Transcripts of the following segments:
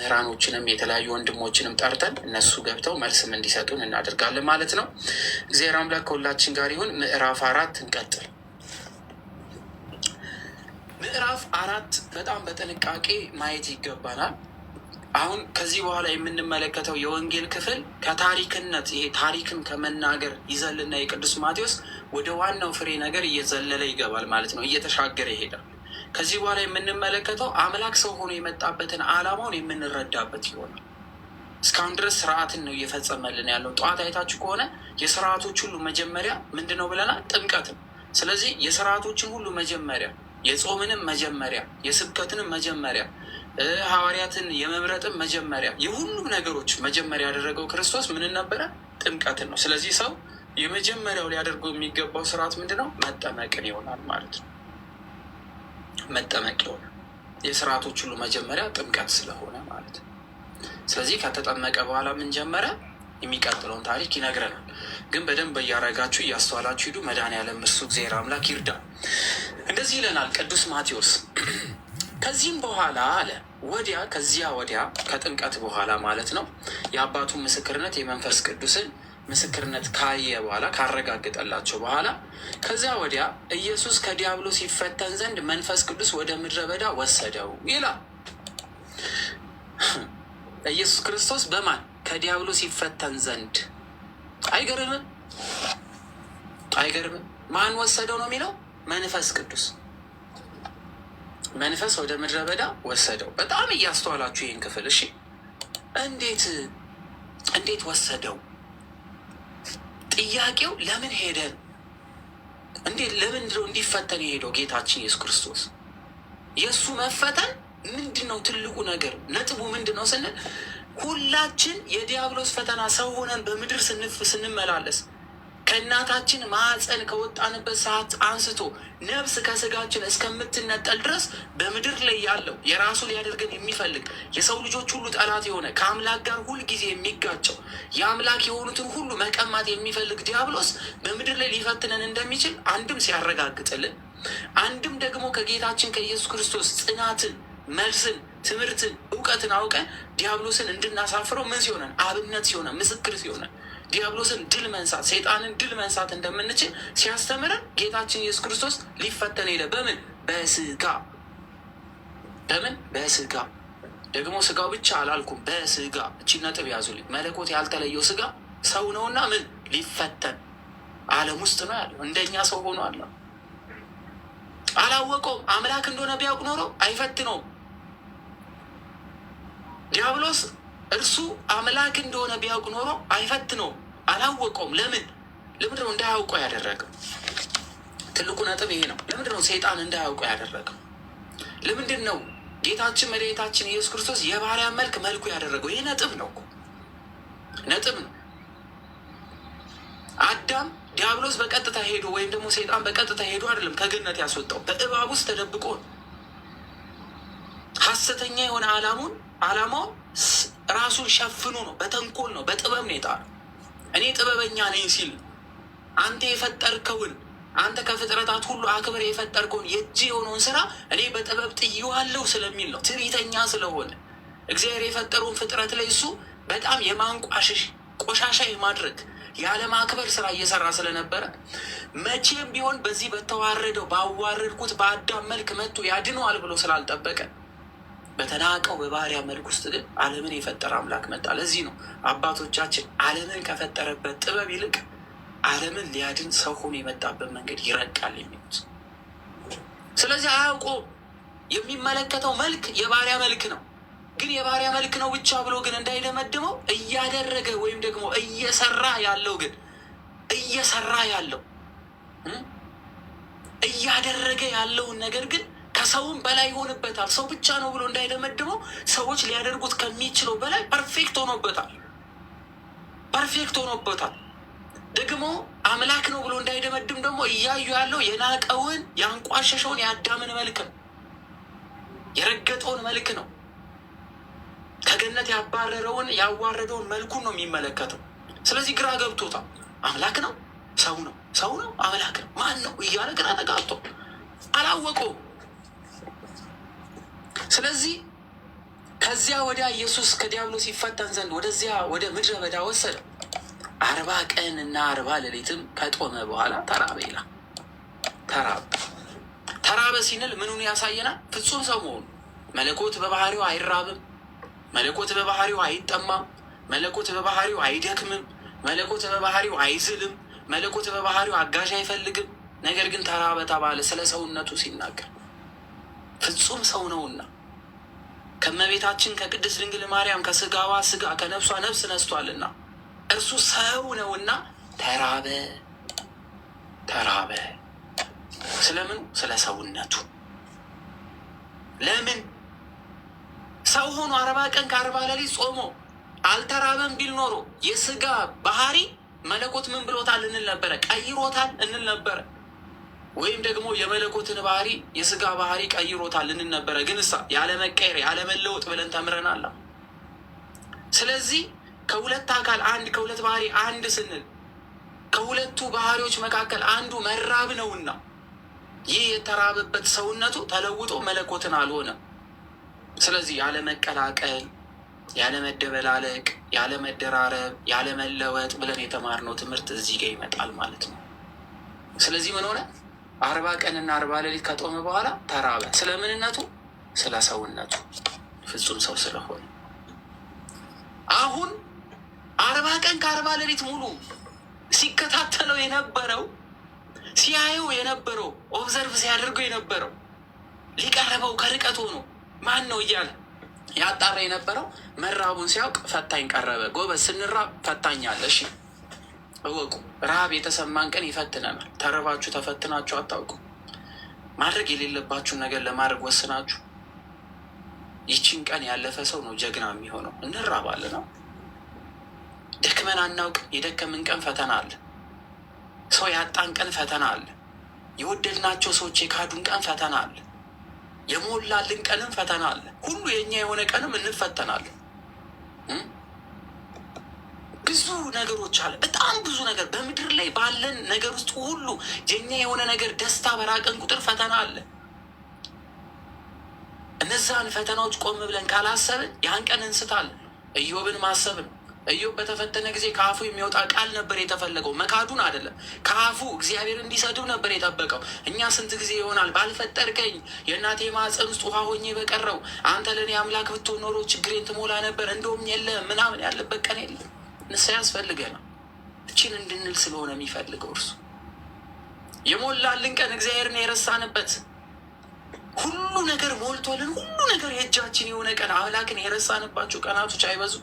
ምህራኖችንም የተለያዩ ወንድሞችንም ጠርተን እነሱ ገብተው መልስም እንዲሰጡን እናደርጋለን ማለት ነው። እግዚአብሔር አምላክ ከሁላችን ጋር ይሁን። ምዕራፍ አራት እንቀጥል። ምዕራፍ አራት በጣም በጥንቃቄ ማየት ይገባናል። አሁን ከዚህ በኋላ የምንመለከተው የወንጌል ክፍል ከታሪክነት ይሄ ታሪክን ከመናገር ይዘልና የቅዱስ ማቴዎስ ወደ ዋናው ፍሬ ነገር እየዘለለ ይገባል ማለት ነው። እየተሻገረ ይሄዳል። ከዚህ በኋላ የምንመለከተው አምላክ ሰው ሆኖ የመጣበትን ዓላማውን የምንረዳበት ይሆናል። እስካሁን ድረስ ስርዓትን ነው እየፈጸመልን ያለው። ጠዋት አይታችሁ ከሆነ የስርዓቶች ሁሉ መጀመሪያ ምንድን ነው ብለናል? ጥምቀት ነው። ስለዚህ የስርዓቶችን ሁሉ መጀመሪያ፣ የጾምንም መጀመሪያ፣ የስብከትንም መጀመሪያ፣ ሐዋርያትን የመምረጥን መጀመሪያ፣ የሁሉም ነገሮች መጀመሪያ ያደረገው ክርስቶስ ምንን ነበረ? ጥምቀትን ነው። ስለዚህ ሰው የመጀመሪያው ሊያደርገው የሚገባው ስርዓት ምንድን ነው? መጠመቅን ይሆናል ማለት ነው። መጠመቅ የሆነ የስርዓቶች ሁሉ መጀመሪያ ጥምቀት ስለሆነ ማለት ነው። ስለዚህ ከተጠመቀ በኋላ ምን ጀመረ? የሚቀጥለውን ታሪክ ይነግረናል። ግን በደንብ እያረጋችሁ እያስተዋላችሁ ሂዱ። መድኃኔዓለም እሱ እግዚአብሔር አምላክ ይርዳ። እንደዚህ ይለናል ቅዱስ ማቴዎስ። ከዚህም በኋላ አለ ወዲያ ከዚያ ወዲያ ከጥምቀት በኋላ ማለት ነው የአባቱን ምስክርነት የመንፈስ ቅዱስን ምስክርነት ካየ በኋላ ካረጋገጠላቸው በኋላ ከዚያ ወዲያ ኢየሱስ ከዲያብሎስ ይፈተን ዘንድ መንፈስ ቅዱስ ወደ ምድረ በዳ ወሰደው ይላል። ኢየሱስ ክርስቶስ በማን ከዲያብሎስ ይፈተን ዘንድ አይገርምም? አይገርምም? ማን ወሰደው ነው የሚለው መንፈስ ቅዱስ መንፈስ ወደ ምድረ በዳ ወሰደው። በጣም እያስተዋላችሁ ይህን ክፍል እሺ። እንዴት እንዴት ወሰደው ጥያቄው ለምን ሄደ? እንዴት ለምን ድሮ እንዲፈተን የሄደው ጌታችን ኢየሱስ ክርስቶስ የእሱ መፈተን ምንድን ነው? ትልቁ ነገር ነጥቡ ምንድን ነው ስንል ሁላችን የዲያብሎስ ፈተና ሰው ሆነን በምድር ስንመላለስ ከእናታችን ማዕፀን ከወጣንበት ሰዓት አንስቶ ነፍስ ከስጋችን እስከምትነጠል ድረስ በምድር ላይ ያለው የራሱ ሊያደርገን የሚፈልግ የሰው ልጆች ሁሉ ጠላት የሆነ ከአምላክ ጋር ሁልጊዜ የሚጋጨው የአምላክ የሆኑትን ሁሉ መቀማት የሚፈልግ ዲያብሎስ በምድር ላይ ሊፈትነን እንደሚችል አንድም ሲያረጋግጥልን፣ አንድም ደግሞ ከጌታችን ከኢየሱስ ክርስቶስ ጽናትን፣ መልስን፣ ትምህርትን፣ እውቀትን አውቀን ዲያብሎስን እንድናሳፍረው ምን ሲሆነን አብነት ሲሆነን ምስክር ሲሆነን ዲያብሎስን ድል መንሳት ሰይጣንን ድል መንሳት እንደምንችል ሲያስተምረን ጌታችን ኢየሱስ ክርስቶስ ሊፈተን ሄደ። በምን በስጋ በምን በስጋ ደግሞ ስጋው ብቻ አላልኩም፣ በስጋ እቺ ነጥብ ያዙልኝ። መለኮት ያልተለየው ስጋ ሰው ነውና ምን ሊፈተን ዓለም ውስጥ ነው ያለው። እንደኛ ሰው ሆኖ አለ አላወቀውም። አምላክ እንደሆነ ቢያውቅ ኖሮ አይፈትነውም ዲያብሎስ እርሱ አምላክ እንደሆነ ቢያውቅ ኖሮ አይፈትነውም። አላወቀውም። ለምን ለምንድን ነው እንዳያውቀው ያደረገው? ትልቁ ነጥብ ይሄ ነው። ለምንድን ነው ሰይጣን እንዳያውቀው ያደረገው? ለምንድን ነው ጌታችን መድኃኒታችን ኢየሱስ ክርስቶስ የባሪያ መልክ መልኩ ያደረገው? ይህ ነጥብ ነው እኮ ነጥብ ነው። አዳም ዲያብሎስ በቀጥታ ሄዶ ወይም ደግሞ ሰይጣን በቀጥታ ሄዶ አይደለም ከገነት ያስወጣው፣ በእባብ ውስጥ ተደብቆ ሀሰተኛ የሆነ አላሙን አላማው ራሱን ሸፍኖ ነው፣ በተንኮል ነው፣ በጥበብ ነው የጣ እኔ ጥበበኛ ነኝ ሲል አንተ የፈጠርከውን አንተ ከፍጥረታት ሁሉ አክብር የፈጠርከውን የእጅ የሆነውን ስራ እኔ በጥበብ ጥየዋለሁ ስለሚል ነው። ትዕቢተኛ ስለሆነ እግዚአብሔር የፈጠረውን ፍጥረት ላይ እሱ በጣም የማንቋሸሽ ቆሻሻ የማድረግ ያለማክበር ስራ እየሰራ ስለነበረ መቼም ቢሆን በዚህ በተዋረደው ባዋረድኩት በአዳም መልክ መጥቶ ያድነዋል ብሎ ስላልጠበቀ በተናቀው በባህሪያ መልክ ውስጥ ግን ዓለምን የፈጠረ አምላክ መጣ። ለዚህ ነው አባቶቻችን ዓለምን ከፈጠረበት ጥበብ ይልቅ ዓለምን ሊያድን ሰው ሆኖ የመጣበት መንገድ ይረቃል የሚሉት። ስለዚህ አያውቁ የሚመለከተው መልክ የባህሪያ መልክ ነው። ግን የባህሪያ መልክ ነው ብቻ ብሎ ግን እንዳይደመድመው እያደረገ ወይም ደግሞ እየሰራ ያለው ግን እየሰራ ያለው እያደረገ ያለውን ነገር ግን ከሰውም በላይ ይሆንበታል። ሰው ብቻ ነው ብሎ እንዳይደመድመው ሰዎች ሊያደርጉት ከሚችለው በላይ ፐርፌክት ሆኖበታል። ፐርፌክት ሆኖበታል። ደግሞ አምላክ ነው ብሎ እንዳይደመድም ደግሞ እያዩ ያለው የናቀውን ያንቋሸሸውን የአዳምን መልክ ነው፣ የረገጠውን መልክ ነው፣ ከገነት ያባረረውን ያዋረደውን መልኩን ነው የሚመለከተው። ስለዚህ ግራ ገብቶታል። አምላክ ነው ሰው ነው ሰው ነው አምላክ ነው ማን ነው እያለ ግራ ተጋብቶ አላወቀውም። ስለዚህ ከዚያ ወዲያ ኢየሱስ ከዲያብሎስ ይፈተን ዘንድ ወደዚያ ወደ ምድረ በዳ ወሰደው። አርባ ቀን እና አርባ ሌሊትም ከጦመ በኋላ ተራበ ይላል። ተራበ ተራበ ሲንል ምኑን ያሳየናል? ፍጹም ሰው መሆኑ። መለኮት በባህሪው አይራብም። መለኮት በባህሪው አይጠማም። መለኮት በባህሪው አይደክምም። መለኮት በባህሪው አይዝልም። መለኮት በባህሪው አጋዥ አይፈልግም። ነገር ግን ተራበ ተባለ ስለ ሰውነቱ ሲናገር ፍጹም ሰው ነውና ከመቤታችን ከቅድስት ድንግል ማርያም ከስጋዋ ስጋ ከነፍሷ ነፍስ ነስቷልና እርሱ ሰው ነውና ተራበ ተራበ። ስለምኑ? ስለ ሰውነቱ። ለምን ሰው ሆኖ አርባ ቀን ከአርባ ሌሊት ጾሞ አልተራበም ቢል ኖሮ የስጋ ባህሪ መለኮት ምን ብሎታል እንል ነበረ፣ ቀይሮታል እንል ነበረ። ወይም ደግሞ የመለኮትን ባህሪ የስጋ ባህሪ ቀይሮታል ነበረ። ግን እሳ ያለመቀየር ያለመለወጥ ብለን ተምረናላ። ስለዚህ ከሁለት አካል አንድ ከሁለት ባህሪ አንድ ስንል ከሁለቱ ባህሪዎች መካከል አንዱ መራብ ነውና ይህ የተራበበት ሰውነቱ ተለውጦ መለኮትን አልሆነም። ስለዚህ ያለመቀላቀል፣ ያለመደበላለቅ፣ ያለመደራረብ፣ ያለመለወጥ ብለን የተማርነው ትምህርት እዚህ ጋር ይመጣል ማለት ነው። ስለዚህ ምን ሆነ? አርባ ቀንና አርባ ሌሊት ከጦመ በኋላ ተራበ። ስለምንነቱ ስለ ሰውነቱ ፍጹም ሰው ስለሆነ አሁን አርባ ቀን ከአርባ ሌሊት ሙሉ ሲከታተለው የነበረው ሲያየው የነበረው ኦብዘርቭ ሲያደርገው የነበረው ሊቀረበው ከርቀት ሆኖ ማን ነው እያለ ያጣራ የነበረው መራቡን ሲያውቅ ፈታኝ ቀረበ። ጎበዝ ስንራብ ፈታኝ አለ። እሺ እወቁ። ረሃብ የተሰማን ቀን ይፈትነናል። ተርባችሁ ተፈትናችሁ አታውቁ። ማድረግ የሌለባችሁን ነገር ለማድረግ ወስናችሁ ይችን ቀን ያለፈ ሰው ነው ጀግና የሚሆነው። እንራባለ ነው ደክመን አናውቅ። የደከምን ቀን ፈተና አለ። ሰው ያጣን ቀን ፈተና አለ። የወደድናቸው ሰዎች የካዱን ቀን ፈተና አለ። የሞላልን ቀንም ፈተና አለ። ሁሉ የእኛ የሆነ ቀንም እንፈተናለን። ብዙ ነገሮች አለ። በጣም ብዙ ነገር በምድር ላይ ባለን ነገር ውስጥ ሁሉ የኛ የሆነ ነገር ደስታ በራቀን ቁጥር ፈተና አለ። እነዛን ፈተናዎች ቆም ብለን ካላሰብን ያን ቀን እንስታል። እዮብን ማሰብን እዮብ በተፈተነ ጊዜ ከአፉ የሚወጣ ቃል ነበር የተፈለገው፣ መካዱን አይደለም። ከአፉ እግዚአብሔር እንዲሰድብ ነበር የጠበቀው። እኛ ስንት ጊዜ ይሆናል ባልፈጠርከኝ፣ የእናቴ ማፀን ውስጥ ውሃ ሆኜ በቀረው፣ አንተ ለእኔ አምላክ ብትሆን ኖሮ ችግሬን ትሞላ ነበር፣ እንደውም የለም ምናምን ያለበት ቀን የለም። ንስሐ ያስፈልገናል። እችን እንድንል ስለሆነ የሚፈልገው እርሱ የሞላልን ቀን እግዚአብሔርን የረሳንበት ሁሉ ነገር ሞልቶልን ሁሉ ነገር የእጃችን የሆነ ቀን አምላክን የረሳንባቸው ቀናቶች አይበዙ።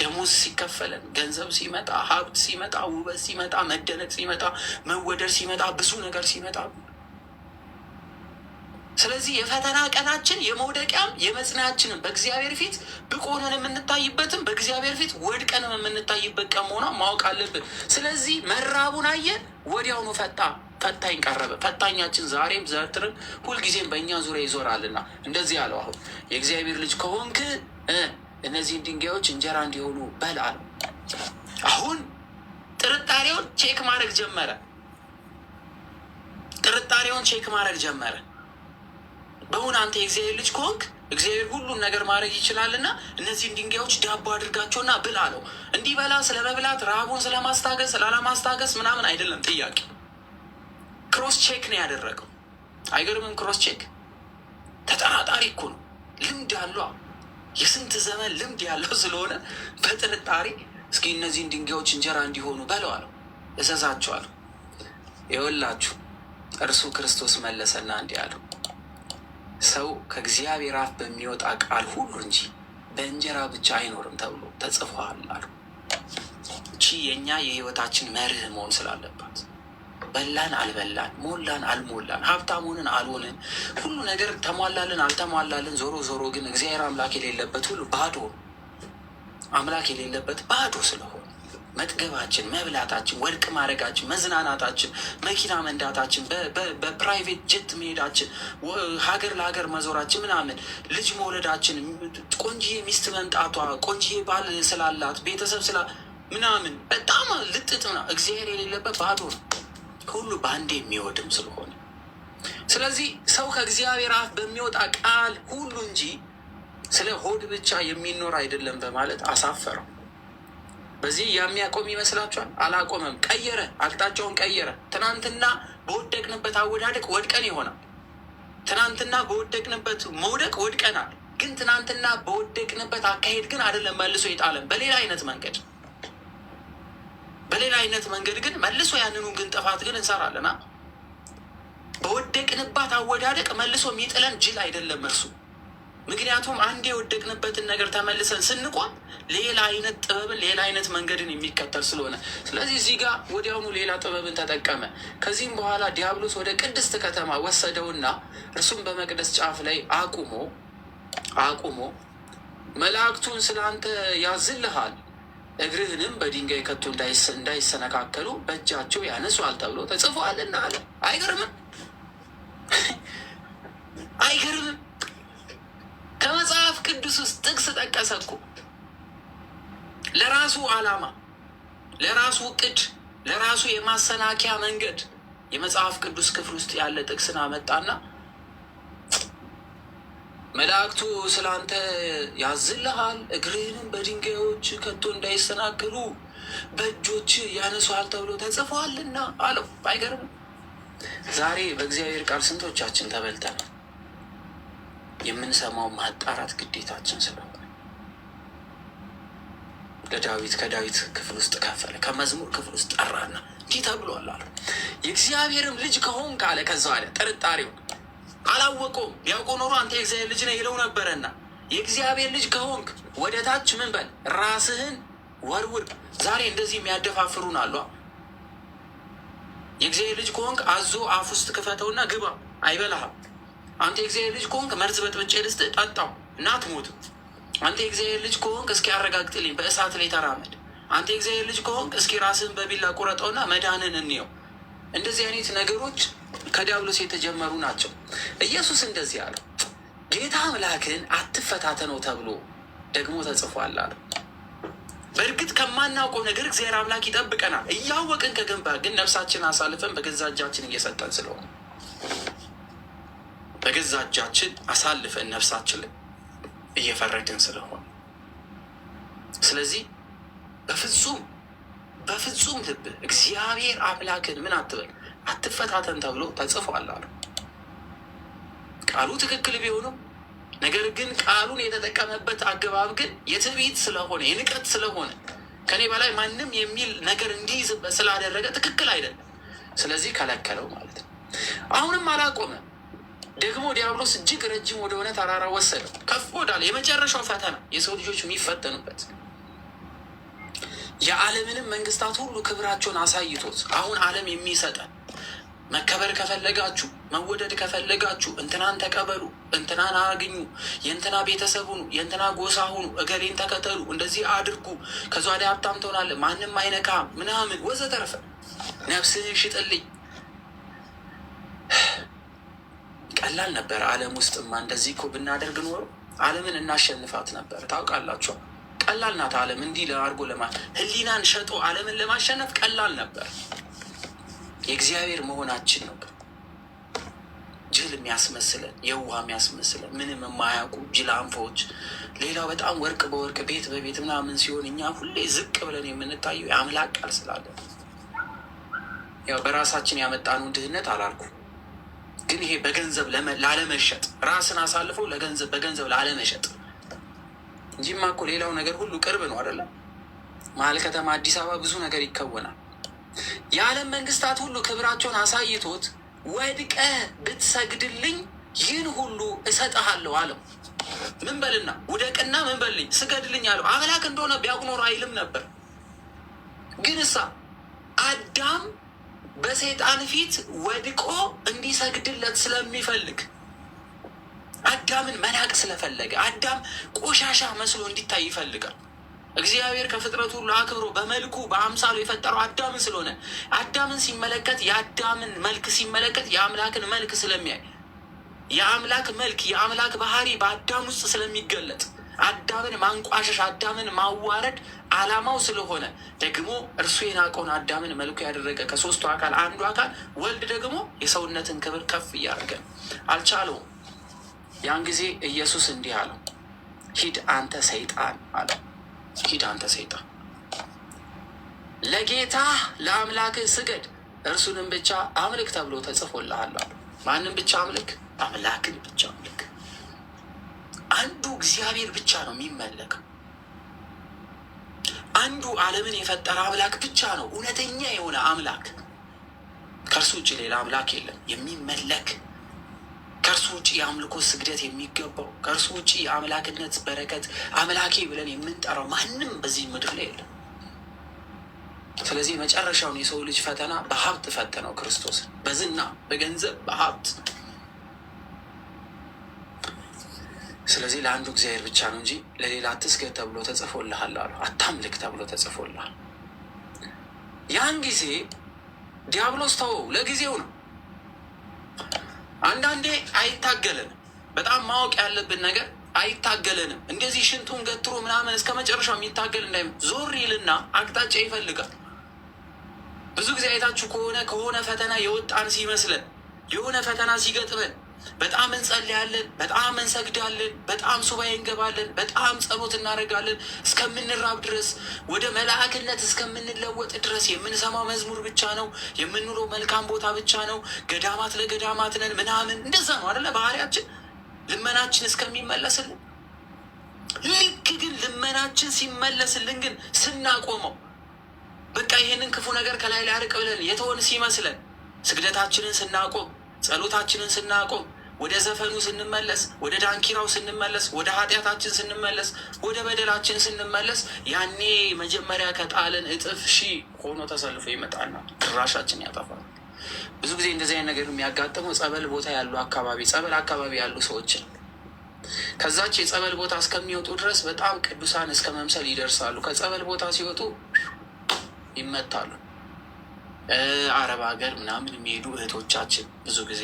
ደሞዝ ሲከፈለን፣ ገንዘብ ሲመጣ፣ ሀብት ሲመጣ፣ ውበት ሲመጣ፣ መደነቅ ሲመጣ፣ መወደድ ሲመጣ፣ ብዙ ነገር ሲመጣ ስለዚህ የፈተና ቀናችን የመውደቂያም የመጽናያችንም በእግዚአብሔር ፊት ብቁ ሆነን የምንታይበትም በእግዚአብሔር ፊት ወድቀንም የምንታይበት ቀን መሆኗ ማወቅ አለብን። ስለዚህ መራቡን አየን፣ ወዲያውኑ ፈጣ ፈታኝ ቀረበ። ፈታኛችን ዛሬም ዘወትርም ሁልጊዜም በእኛ ዙሪያ ይዞራልና እንደዚህ አለው። አሁን የእግዚአብሔር ልጅ ከሆንክ እነዚህን ድንጋዮች እንጀራ እንዲሆኑ በል አለ። አሁን ጥርጣሬውን ቼክ ማድረግ ጀመረ። ጥርጣሬውን ቼክ ማድረግ ጀመረ። በእውን አንተ የእግዚአብሔር ልጅ ከሆንክ እግዚአብሔር ሁሉን ነገር ማድረግ ይችላልና እነዚህን ድንጋዮች ዳቦ አድርጋቸውና ብላ ነው። እንዲበላ ስለ መብላት ረሃቡን ስለማስታገስ ስላላማስታገስ ምናምን አይደለም ጥያቄ። ክሮስ ቼክ ነው ያደረገው። አይገርምም? ክሮስ ቼክ ተጠራጣሪ እኮ ነው። ልምድ ያለው የስንት ዘመን ልምድ ያለው ስለሆነ በጥርጣሬ እስኪ እነዚህን ድንጋዮች እንጀራ እንዲሆኑ በለዋለሁ፣ እዘዛቸዋለሁ። ይኸውላችሁ እርሱ ክርስቶስ መለሰና እንዲህ አለው ሰው ከእግዚአብሔር አፍ በሚወጣ ቃል ሁሉ እንጂ በእንጀራ ብቻ አይኖርም ተብሎ ተጽፏል አሉ። እቺ የእኛ የህይወታችን መርህ መሆን ስላለባት በላን አልበላን፣ ሞላን አልሞላን፣ ሀብታም ሆንን አልሆንን፣ ሁሉ ነገር ተሟላልን አልተሟላልን፣ ዞሮ ዞሮ ግን እግዚአብሔር አምላክ የሌለበት ሁሉ ባዶ፣ አምላክ የሌለበት ባዶ ስለሆነ መጥገባችን፣ መብላታችን፣ ወርቅ ማድረጋችን፣ መዝናናታችን፣ መኪና መንዳታችን፣ በፕራይቬት ጀት መሄዳችን፣ ሀገር ለሀገር መዞራችን ምናምን፣ ልጅ መውለዳችን፣ ቆንጂዬ ሚስት መምጣቷ፣ ቆንጂዬ ባል ስላላት ቤተሰብ ስላ ምናምን በጣም ልጥጥ ምና እግዚአብሔር የሌለበት ባዶ ነው። ሁሉ በአንዴ የሚወድም ስለሆነ ስለዚህ ሰው ከእግዚአብሔር አፍ በሚወጣ ቃል ሁሉ እንጂ ስለ ሆድ ብቻ የሚኖር አይደለም በማለት አሳፈረው። በዚህ የሚያቆም ይመስላችኋል? አላቆመም። ቀየረ፣ አቅጣጫውን ቀየረ። ትናንትና በወደቅንበት አወዳደቅ ወድቀን ይሆናል። ትናንትና በወደቅንበት መውደቅ ወድቀናል። ግን ትናንትና በወደቅንበት አካሄድ ግን አይደለም መልሶ የጣለን በሌላ አይነት መንገድ በሌላ አይነት መንገድ ግን መልሶ ያንኑ ግን ጥፋት ግን እንሰራለና በወደቅንባት አወዳደቅ መልሶ የሚጥለን ጅል አይደለም እርሱ ምክንያቱም አንድ የወደቅንበትን ነገር ተመልሰን ስንቆም ሌላ አይነት ጥበብን ሌላ አይነት መንገድን የሚከተል ስለሆነ፣ ስለዚህ እዚህ ጋር ወዲያውኑ ሌላ ጥበብን ተጠቀመ። ከዚህም በኋላ ዲያብሎስ ወደ ቅድስት ከተማ ወሰደውና እርሱም በመቅደስ ጫፍ ላይ አቁሞ አቁሞ መላእክቱን አንተ ያዝልሃል እግርህንም በድንጋይ ከቶ እንዳይሰነካከሉ በእጃቸው ያነሷል ተብሎ ተጽፏልና አለ። አይገርምም? አይገርምም? ከመጽሐፍ ቅዱስ ውስጥ ጥቅስ ጠቀሰ እኮ ለራሱ ዓላማ፣ ለራሱ እቅድ፣ ለራሱ የማሰናከያ መንገድ የመጽሐፍ ቅዱስ ክፍል ውስጥ ያለ ጥቅስን አመጣና መላእክቱ ስለ አንተ ያዝልሃል፣ እግርህንም በድንጋዮች ከቶ እንዳይሰናክሉ በእጆች ያነሷል ተብሎ ተጽፏልና አለው። አይገርም? ዛሬ በእግዚአብሔር ቃል ስንቶቻችን ተበልተናል? የምንሰማው ማጣራት ግዴታችን ስለሆነ ለዳዊት ከዳዊት ክፍል ውስጥ ከፈለ ከመዝሙር ክፍል ውስጥ ጠራና ጌታ ብሏል አለ። የእግዚአብሔርም ልጅ ከሆን ካለ ከዛ አለ ጥርጣሬው አላወቁም ቢያውቆ ኖሮ አንተ የእግዚአብሔር ልጅ ነህ ይለው ነበረና የእግዚአብሔር ልጅ ከሆንክ ወደ ታች ምን በል ራስህን ወርውር። ዛሬ እንደዚህ የሚያደፋፍሩን አሉ። የእግዚአብሔር ልጅ ከሆንክ አዞ አፍ ውስጥ ክፈተውና ግባ አይበላህም። አንተ የእግዚአብሔር ልጅ ከሆንክ መርዝ በጥብጬ ልስጥ ጠጣው እና አትሞትም። አንተ የእግዚአብሔር ልጅ ከሆንክ እስኪ አረጋግጥልኝ፣ በእሳት ላይ ተራመድ። አንተ የእግዚአብሔር ልጅ ከሆንክ እስኪ ራስህን በቢላ ቁረጠውና መዳንን እንየው። እንደዚህ አይነት ነገሮች ከዲያብሎስ የተጀመሩ ናቸው። ኢየሱስ እንደዚህ አለው፣ ጌታ አምላክን አትፈታተነው ተብሎ ደግሞ ተጽፏል አለ። በእርግጥ ከማናውቀው ነገር እግዚአብሔር አምላክ ይጠብቀናል። እያወቅን ከገንባ ግን ነፍሳችን አሳልፈን በገዛ እጃችን እየሰጠን ስለሆነ በገዛ እጃችን አሳልፈን ነፍሳችን እየፈረድን ስለሆነ ስለዚህ በፍጹም በፍጹም ልብ እግዚአብሔር አምላክን ምን አትበል አትፈታተን ተብሎ ተጽፏል አሉ። ቃሉ ትክክል ቢሆንም ነገር ግን ቃሉን የተጠቀመበት አገባብ ግን የትዕቢት ስለሆነ የንቀት ስለሆነ ከኔ በላይ ማንም የሚል ነገር እንዲይዝበት ስላደረገ ትክክል አይደለም። ስለዚህ ከለከለው ማለት ነው። አሁንም አላቆመም። ደግሞ ዲያብሎስ እጅግ ረጅም ወደሆነ ተራራ ወሰደው። ከፍ ወዳለ የመጨረሻው ፈተና የሰው ልጆች የሚፈተኑበት የዓለምንም መንግስታት ሁሉ ክብራቸውን አሳይቶት አሁን ዓለም የሚሰጠን መከበር ከፈለጋችሁ መወደድ ከፈለጋችሁ እንትናን ተቀበሉ፣ እንትናን አግኙ፣ የእንትና ቤተሰብ ሁኑ፣ የእንትና ጎሳ ሁኑ፣ እገሌን ተከተሉ፣ እንደዚህ አድርጉ፣ ከዛ ላይ ሀብታም ትሆናለህ፣ ማንም አይነካም፣ ምናምን ወዘተረፈ ነፍስህን ሽጥልኝ ቀላል ነበር። ዓለም ውስጥማ እንደዚህ እኮ ብናደርግ ኖሮ ዓለምን እናሸንፋት ነበር። ታውቃላችሁ፣ ቀላል ናት ዓለም እንዲህ አድርጎ ለማ ህሊናን ሸጦ ዓለምን ለማሸነፍ ቀላል ነበር። የእግዚአብሔር መሆናችን ነው። ጅል የሚያስመስለን የውሃ የሚያስመስለን ምንም የማያውቁ ጅል አንፎች። ሌላው በጣም ወርቅ በወርቅ ቤት በቤት ምናምን ሲሆን እኛ ሁሌ ዝቅ ብለን የምንታየው የአምላክ ቃል ስላለ ያው በራሳችን ያመጣነው ድህነት አላልኩም። ግን ይሄ በገንዘብ ላለመሸጥ ራስን አሳልፎ ለገንዘብ በገንዘብ ላለመሸጥ እንጂማ እኮ ሌላው ነገር ሁሉ ቅርብ ነው አይደለም። መሀል ከተማ አዲስ አበባ ብዙ ነገር ይከወናል። የዓለም መንግስታት ሁሉ ክብራቸውን አሳይቶት ወድቀ ብትሰግድልኝ ይህን ሁሉ እሰጥሃለሁ አለው። ምን በልና ውደቅና ምን በልኝ ስገድልኝ አለው። አምላክ እንደሆነ ቢያውቅ ኖሮ አይልም ነበር። ግን እሳ አዳም በሰይጣን ፊት ወድቆ እንዲሰግድለት ስለሚፈልግ አዳምን መናቅ ስለፈለገ አዳም ቆሻሻ መስሎ እንዲታይ ይፈልጋል። እግዚአብሔር ከፍጥረቱ ሁሉ አክብሮ በመልኩ በአምሳሉ የፈጠረው አዳምን ስለሆነ አዳምን ሲመለከት የአዳምን መልክ ሲመለከት የአምላክን መልክ ስለሚያይ የአምላክ መልክ የአምላክ ባህሪ በአዳም ውስጥ ስለሚገለጥ አዳምን ማንቋሸሽ፣ አዳምን ማዋረድ አላማው ስለሆነ ደግሞ እርሱ የናቀውን አዳምን መልኩ ያደረገ ከሶስቱ አካል አንዱ አካል ወልድ ደግሞ የሰውነትን ክብር ከፍ እያደረገ አልቻለውም። ያን ጊዜ ኢየሱስ እንዲህ አለው፣ ሂድ አንተ ሰይጣን አለ። ሂድ አንተ ሰይጣን ለጌታ ለአምላክህ ስገድ እርሱንም ብቻ አምልክ ተብሎ ተጽፎልሃል አሉ። ማንም ብቻ አምልክ፣ አምላክን ብቻ አምልክ። አንዱ እግዚአብሔር ብቻ ነው የሚመለከው። አንዱ ዓለምን የፈጠረ አምላክ ብቻ ነው እውነተኛ የሆነ አምላክ። ከእርሱ ውጭ ሌላ አምላክ የለም የሚመለክ ከእርሱ ውጭ የአምልኮ ስግደት የሚገባው ከእርሱ ውጭ የአምላክነት በረከት አምላኬ ብለን የምንጠራው ማንም በዚህ ምድር ላይ የለም። ስለዚህ መጨረሻውን የሰው ልጅ ፈተና በሀብት ፈተነው ክርስቶስን፣ በዝና በገንዘብ በሀብት ስለዚህ ለአንዱ እግዚአብሔር ብቻ ነው እንጂ ለሌላ አትስገድ ተብሎ ተጽፎልሃል አሉ። አታምልክ ተብሎ ተጽፎልሃል። ያን ጊዜ ዲያብሎስ ተወው፣ ለጊዜው ነው። አንዳንዴ አይታገለንም። በጣም ማወቅ ያለብን ነገር አይታገለንም። እንደዚህ ሽንቱን ገትሮ ምናምን እስከ መጨረሻው የሚታገል እንዳይ ዞር ይልና አቅጣጫ ይፈልጋል። ብዙ ጊዜ አይታችሁ ከሆነ ከሆነ ፈተና የወጣን ሲመስለን የሆነ ፈተና ሲገጥመን በጣም እንጸልያለን፣ በጣም እንሰግዳለን፣ በጣም ሱባኤ እንገባለን፣ በጣም ጸሎት እናደርጋለን። እስከምንራብ ድረስ ወደ መላእክነት እስከምንለወጥ ድረስ የምንሰማው መዝሙር ብቻ ነው። የምንውለው መልካም ቦታ ብቻ ነው። ገዳማት ለገዳማት ነን ምናምን እንደዛ ነው አደለ? ባህሪያችን ልመናችን እስከሚመለስልን ልክ ግን ልመናችን ሲመለስልን ግን ስናቆመው በቃ ይሄንን ክፉ ነገር ከላይ ላይ አርቅ ብለን የተሆን ሲመስለን ስግደታችንን ስናቆም ጸሎታችንን ስናቆም ወደ ዘፈኑ ስንመለስ፣ ወደ ዳንኪራው ስንመለስ፣ ወደ ኃጢአታችን ስንመለስ፣ ወደ በደላችን ስንመለስ፣ ያኔ መጀመሪያ ከጣልን እጥፍ ሺ ሆኖ ተሰልፎ ይመጣና ድራሻችን ያጠፋል። ብዙ ጊዜ እንደዚህ አይነት ነገር የሚያጋጥመው ጸበል ቦታ ያሉ አካባቢ ጸበል አካባቢ ያሉ ሰዎችን ከዛች የጸበል ቦታ እስከሚወጡ ድረስ በጣም ቅዱሳን እስከ መምሰል ይደርሳሉ። ከጸበል ቦታ ሲወጡ ይመታሉ። አረብ ሀገር ምናምን የሚሄዱ እህቶቻችን ብዙ ጊዜ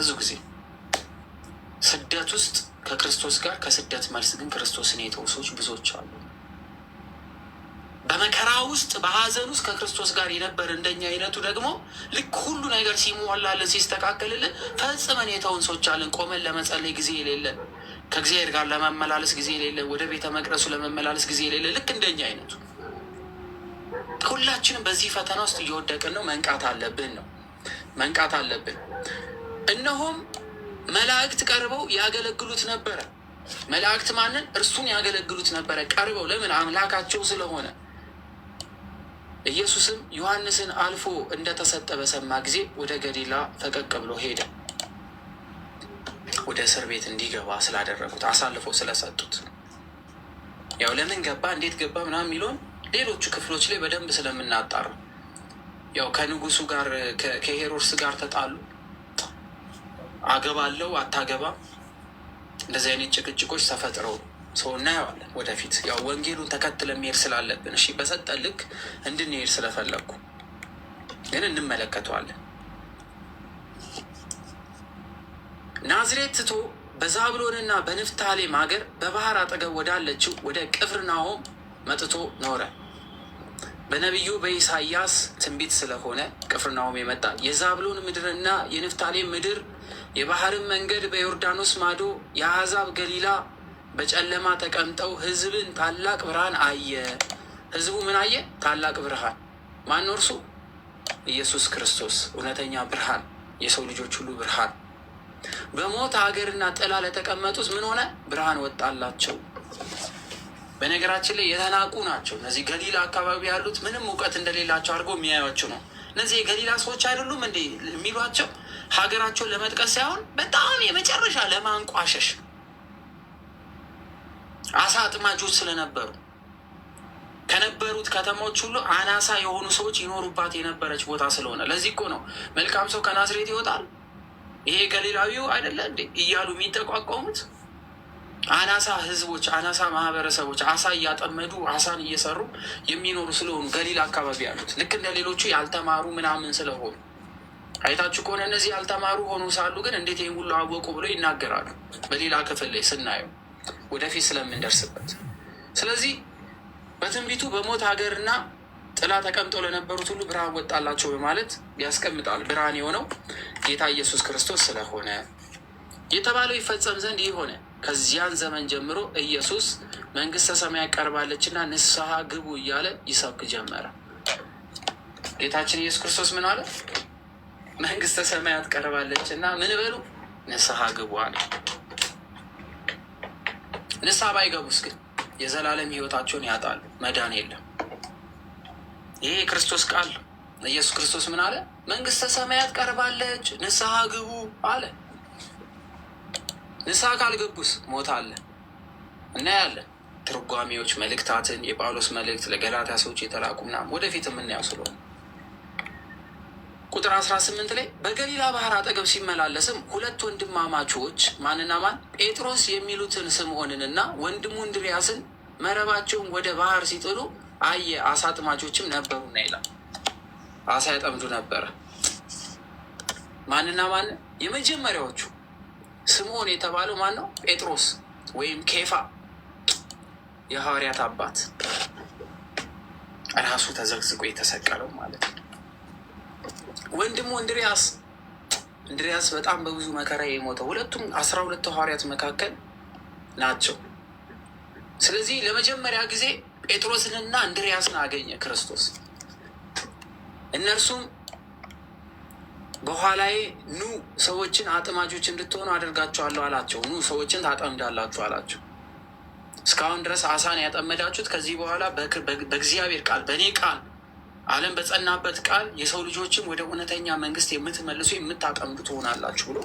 ብዙ ጊዜ ስደት ውስጥ ከክርስቶስ ጋር ከስደት መልስ ግን ክርስቶስን የተው ሰዎች ብዙዎች አሉ። በመከራ ውስጥ በሀዘን ውስጥ ከክርስቶስ ጋር የነበር እንደኛ አይነቱ ደግሞ ልክ ሁሉ ነገር ሲሟላልን ሲስተካከልልን ፈጽመን የተውን ሰዎች አለን። ቆመን ለመጸለይ ጊዜ የሌለን ከእግዚአብሔር ጋር ለመመላለስ ጊዜ የሌለን ወደ ቤተ መቅደሱ ለመመላለስ ጊዜ የሌለን ልክ እንደኛ አይነቱ ሁላችንም በዚህ ፈተና ውስጥ እየወደቅን ነው። መንቃት አለብን ነው መንቃት አለብን። እነሆም መላእክት ቀርበው ያገለግሉት ነበረ። መላእክት ማንን? እርሱን ያገለግሉት ነበረ ቀርበው። ለምን? አምላካቸው ስለሆነ። ኢየሱስም ዮሐንስን አልፎ እንደተሰጠ በሰማ ጊዜ ወደ ገሊላ ፈቀቅ ብሎ ሄደ። ወደ እስር ቤት እንዲገባ ስላደረጉት አሳልፎ ስለሰጡት ያው ለምን ገባ እንዴት ገባ ምናምን የሚለውን ሌሎቹ ክፍሎች ላይ በደንብ ስለምናጣር ያው ከንጉሱ ጋር ከሄሮድስ ጋር ተጣሉ። አገባለው አታገባ እንደዚህ አይነት ጭቅጭቆች ተፈጥረው ሰው እናየዋለን። ወደፊት ያው ወንጌሉን ተከትለ መሄድ ስላለብን እሺ፣ በሰጠ ልክ እንድንሄድ ስለፈለግኩ ግን እንመለከተዋለን። ናዝሬት ትቶ በዛብሎንና በንፍታሌም ሀገር በባህር አጠገብ ወዳለችው ወደ ቅፍርናሆም መጥቶ ኖረ። በነቢዩ በኢሳይያስ ትንቢት ስለሆነ ቅፍርናሆም የመጣ የዛብሎን ምድርና የንፍታሌም ምድር የባህርን መንገድ በዮርዳኖስ ማዶ የአሕዛብ ገሊላ በጨለማ ተቀምጠው ህዝብን ታላቅ ብርሃን አየ። ህዝቡ ምን አየ? ታላቅ ብርሃን። ማነው እርሱ? ኢየሱስ ክርስቶስ እውነተኛ ብርሃን፣ የሰው ልጆች ሁሉ ብርሃን። በሞት ሀገርና ጥላ ለተቀመጡት ምን ሆነ? ብርሃን ወጣላቸው። በነገራችን ላይ የተናቁ ናቸው። እነዚህ ገሊላ አካባቢ ያሉት ምንም እውቀት እንደሌላቸው አድርጎ የሚያዩቸው ነው። እነዚህ የገሊላ ሰዎች አይደሉም እንዴ የሚሏቸው ሀገራቸውን ለመጥቀስ ሳይሆን በጣም የመጨረሻ ለማንቋሸሽ አሳ አጥማጆች ስለነበሩ ከነበሩት ከተሞች ሁሉ አናሳ የሆኑ ሰዎች ይኖሩባት የነበረች ቦታ ስለሆነ ለዚህ እኮ ነው መልካም ሰው ከናዝሬት ይወጣል ይሄ ገሊላዊው አይደለ እንዴ እያሉ የሚጠቋቋሙት አናሳ ህዝቦች፣ አናሳ ማህበረሰቦች አሳ እያጠመዱ አሳን እየሰሩ የሚኖሩ ስለሆኑ ገሊላ አካባቢ ያሉት ልክ እንደ ሌሎቹ ያልተማሩ ምናምን ስለሆኑ አይታችሁ ከሆነ እነዚህ ያልተማሩ ሆኑ ሳሉ ግን እንዴት ይህን ሁሉ አወቁ ብሎ ይናገራሉ። በሌላ ክፍል ላይ ስናየው ወደፊት ስለምንደርስበት፣ ስለዚህ በትንቢቱ በሞት ሀገርና ጥላ ተቀምጠው ለነበሩት ሁሉ ብርሃን ወጣላቸው በማለት ያስቀምጣል። ብርሃን የሆነው ጌታ ኢየሱስ ክርስቶስ ስለሆነ የተባለው ይፈጸም ዘንድ ይህ ሆነ። ከዚያን ዘመን ጀምሮ ኢየሱስ መንግስተ ሰማያት ቀርባለችና ንስሐ ግቡ እያለ ይሰብክ ጀመረ። ጌታችን ኢየሱስ ክርስቶስ ምን አለ? መንግስተ ሰማያት ቀርባለች እና ምን በሉ ንስሐ ግቡ አለ። ንስሐ ባይገቡስ ግን የዘላለም ህይወታቸውን ያጣሉ፣ መዳን የለም። ይሄ የክርስቶስ ቃል ኢየሱስ ክርስቶስ ምን አለ? መንግስተ ሰማያት ቀርባለች ንስሐ ግቡ አለ። ንስሐ ካልገቡስ ሞት አለ። ያለ ትርጓሜዎች መልእክታትን የጳውሎስ መልእክት ለገላታ ሰዎች የተላቁ ምናምን ወደፊት የምናየው ስለሆነ ቁጥር 18 ላይ በገሊላ ባህር አጠገብ ሲመላለስም ሁለት ወንድማማቾች ማንና ማን? ጴጥሮስ የሚሉትን ስምዖንንና ወንድሙ እንድሪያስን መረባቸውን ወደ ባህር ሲጥሉ አየ። አሳ አጥማጆችም ነበሩና ይላል። አሳ ያጠምዱ ነበረ። ማንና ማን? የመጀመሪያዎቹ ስምዖን የተባለው ማን ነው? ጴጥሮስ ወይም ኬፋ የሐዋርያት አባት ራሱ ተዘግዝቆ የተሰቀለው ማለት ነው። ወንድሙ እንድሪያስ እንድሪያስ በጣም በብዙ መከራ የሞተው ሁለቱም አስራ ሁለቱ ሐዋርያት መካከል ናቸው። ስለዚህ ለመጀመሪያ ጊዜ ጴጥሮስንና እንድሪያስን አገኘ ክርስቶስ። እነርሱም በኋላዬ ኑ ሰዎችን አጥማጆች እንድትሆኑ አደርጋችኋለሁ አላቸው። ኑ ሰዎችን ታጠምዳላችሁ አላቸው። እስካሁን ድረስ አሳን ያጠመዳችሁት ከዚህ በኋላ በእግዚአብሔር ቃል በእኔ ቃል ዓለም በጸናበት ቃል የሰው ልጆችም ወደ እውነተኛ መንግስት የምትመልሱ የምታጠምዱ ትሆናላችሁ ብሎ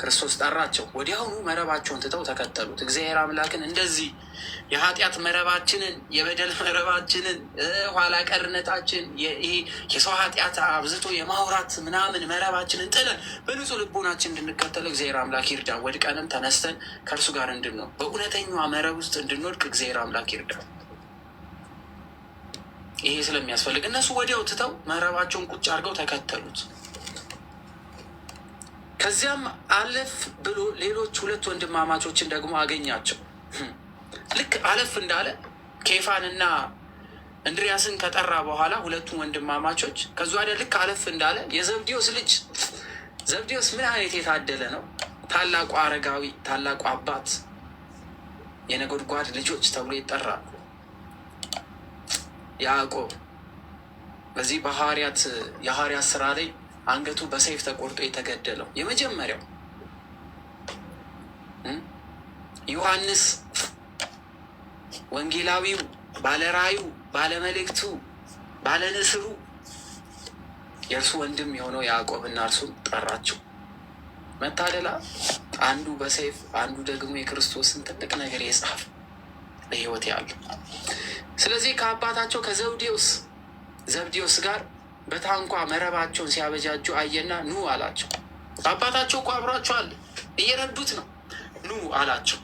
ክርስቶስ ጠራቸው። ወዲያውኑ መረባቸውን ትተው ተከተሉት። እግዚአብሔር አምላክን እንደዚህ የኃጢአት መረባችንን፣ የበደል መረባችንን፣ ኋላ ቀርነታችን፣ የሰው ኃጢአት አብዝቶ የማውራት ምናምን መረባችንን ጥለን በንጹህ ልቦናችን እንድንከተለው እግዚአብሔር አምላክ ይርዳን። ወድቀንም ተነስተን ከእርሱ ጋር እንድንሆን በእውነተኛ መረብ ውስጥ እንድንወድቅ እግዚአብሔር አምላክ ይርዳን። ይሄ ስለሚያስፈልግ እነሱ ወዲያው ትተው መረባቸውን ቁጭ አድርገው ተከተሉት። ከዚያም አለፍ ብሎ ሌሎች ሁለት ወንድማማቾችን ደግሞ አገኛቸው። ልክ አለፍ እንዳለ ኬፋንና እንድሪያስን ከጠራ በኋላ ሁለቱን ወንድማማቾች ከዚ ወዲያ ልክ አለፍ እንዳለ የዘብዴዎስ ልጅ ዘብዴዎስ ምን አይነት የታደለ ነው! ታላቁ አረጋዊ፣ ታላቁ አባት፣ የነጎድጓድ ልጆች ተብሎ ይጠራሉ። ያዕቆብ በዚህ በሐዋርያት የሐዋርያት ስራ ላይ አንገቱ በሰይፍ ተቆርጦ የተገደለው የመጀመሪያው ዮሐንስ ወንጌላዊው ባለራዩ ባለመልእክቱ ባለንስሩ የእርሱ ወንድም የሆነው ያዕቆብና እርሱን ጠራቸው። መታደላ አንዱ በሰይፍ አንዱ ደግሞ የክርስቶስን ትልቅ ነገር የጻፈ በህይወት ያሉ። ስለዚህ ከአባታቸው ከዘብዴዎስ ዘብዴዎስ ጋር በታንኳ መረባቸውን ሲያበጃጁ አየና ኑ አላቸው። አባታቸው እኮ አብሯቸዋል እየረዱት ነው። ኑ አላቸው።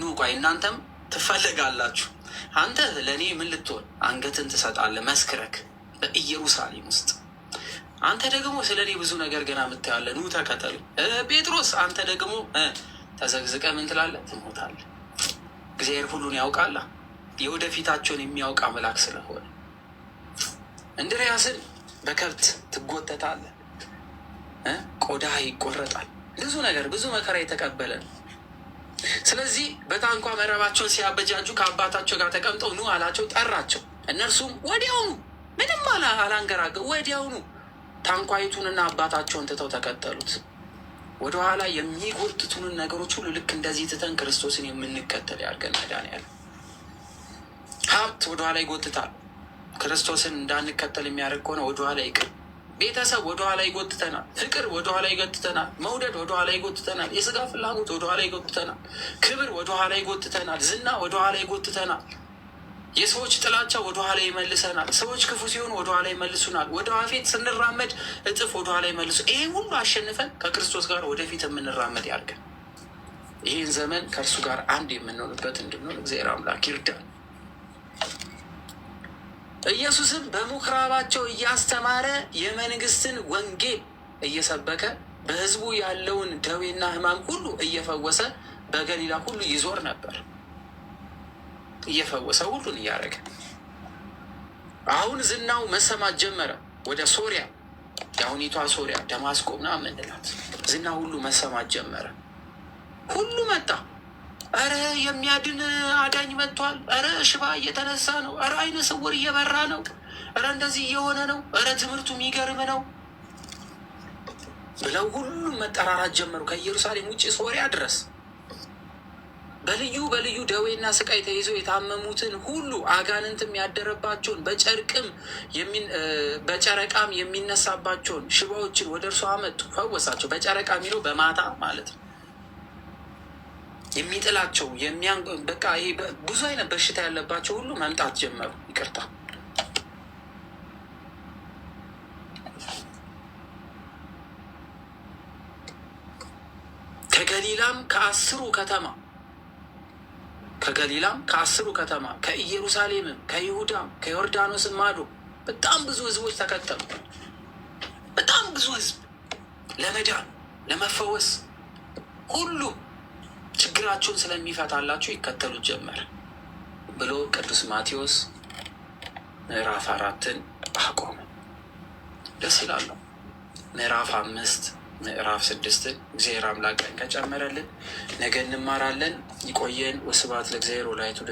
ኑ ቆይ እናንተም ትፈለጋላችሁ። አንተ ለእኔ ምን ልትሆን አንገትን ትሰጣለህ? መስክረክ በኢየሩሳሌም ውስጥ አንተ ደግሞ ስለ እኔ ብዙ ነገር ገና የምታያለ። ኑ ተከተሉ። ጴጥሮስ አንተ ደግሞ ተዘግዝቀ ምን ትሞታለ። ትሞታለህ። እግዚአብሔር ሁሉን ያውቃል የወደፊታቸውን የሚያውቅ አምላክ ስለሆነ እንድርያስን በከብት ትጎተታለህ፣ ቆዳ ይቆረጣል። ብዙ ነገር ብዙ መከራ የተቀበለ ነው። ስለዚህ በታንኳ መረባቸውን ሲያበጃጁ ከአባታቸው ጋር ተቀምጠው ኑ አላቸው፣ ጠራቸው። እነርሱም ወዲያውኑ ምንም አላንገራገ ወዲያውኑ ታንኳይቱንና አባታቸውን ትተው ተከተሉት። ኋላ የሚጎትቱንን ነገሮች ሁሉ ልክ እንደዚህ ትተን ክርስቶስን የምንከተል ያድርገን። መድኃኒዓለም ሀብት ወደኋላ ይጎትታል። ክርስቶስን እንዳንከተል የሚያደርግ ከሆነ ወደኋላ ይቅር። ቤተሰብ ወደኋላ ይጎትተናል። ፍቅር ወደኋላ ይጎትተናል። መውደድ ወደኋላ ይጎትተናል። የስጋ ፍላጎት ወደኋላ ይጎትተናል። ክብር ወደኋላ ይጎትተናል። ዝና ወደኋላ ይጎትተናል። የሰዎች ጥላቻ ወደኋላ ይመልሰናል። ሰዎች ክፉ ሲሆን ወደኋላ ይመልሱናል። ወደ ፊት ስንራመድ እጥፍ ወደኋላ ይመልሱ። ይሄ ሁሉ አሸንፈን ከክርስቶስ ጋር ወደፊት የምንራመድ ያድርገን። ይህን ዘመን ከእርሱ ጋር አንድ የምንሆንበት እንድንሆን እግዚአብሔር አምላክ ይርዳል። ኢየሱስም በምኩራባቸው እያስተማረ የመንግስትን ወንጌል እየሰበከ በህዝቡ ያለውን ደዌና ህማም ሁሉ እየፈወሰ በገሊላ ሁሉ ይዞር ነበር። እየፈወሰ ሁሉን እያደረገ አሁን ዝናው መሰማት ጀመረ። ወደ ሶሪያ የአሁኒቷ ሶሪያ ደማስቆ ምናምን ምንላት ዝና ሁሉ መሰማት ጀመረ። ሁሉ መጣ። እረ የሚያድን አዳኝ መጥቷል። እረ ሽባ እየተነሳ ነው። እረ አይነ ስውር እየበራ ነው። እረ እንደዚህ እየሆነ ነው። እረ ትምህርቱ የሚገርም ነው ብለው ሁሉም መጠራራት ጀመሩ። ከኢየሩሳሌም ውጭ ሶሪያ ድረስ በልዩ በልዩ ደዌና ስቃይ ተይዘው የታመሙትን ሁሉ አጋንንትም ያደረባቸውን በጨርቅም በጨረቃም የሚነሳባቸውን ሽባዎችን ወደ እርሱ አመጡ፣ ፈወሳቸው። በጨረቃ የሚለው በማታ ማለት ነው። የሚጥላቸው በቃ ብዙ አይነት በሽታ ያለባቸው ሁሉ መምጣት ጀመሩ። ይቅርታ ከገሊላም ከአስሩ ከተማ ከገሊላም ከአስሩ ከተማ ከኢየሩሳሌምም ከይሁዳም ከዮርዳኖስም ማዶ በጣም ብዙ ህዝቦች ተከተሉ። በጣም ብዙ ህዝብ ለመዳን ለመፈወስ ሁሉ ችግራቸውን ስለሚፈታላቸው ይከተሉት ጀመር ብሎ ቅዱስ ማቴዎስ ምዕራፍ አራትን አቆመ። ደስ ይላለሁ። ምዕራፍ አምስት ምዕራፍ ስድስትን እግዚአብሔር አምላክ ቀን ከጨመረልን ነገ እንማራለን። ይቆየን። ወስብሐት ለእግዚአብሔር ወላዲቱ